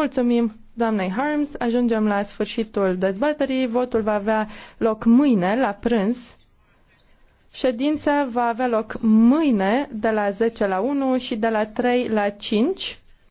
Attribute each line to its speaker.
Speaker 1: Mulțumim doamnei Harms. Ajungem la sfârșitul dezbaterii. Votul va avea loc mâine la prânz. Ședința va avea loc mâine de la 10 la 1 și de la 3 la 5.